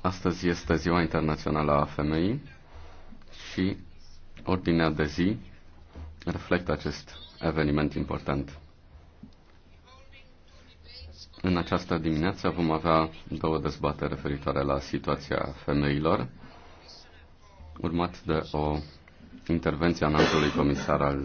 Astăzi este Ziua Internațională a Femeii și ordinea de zi reflectă acest eveniment important. În această dimineață vom avea două dezbateri referitoare la situația femeilor, urmat de o intervenție a înaltului comisar al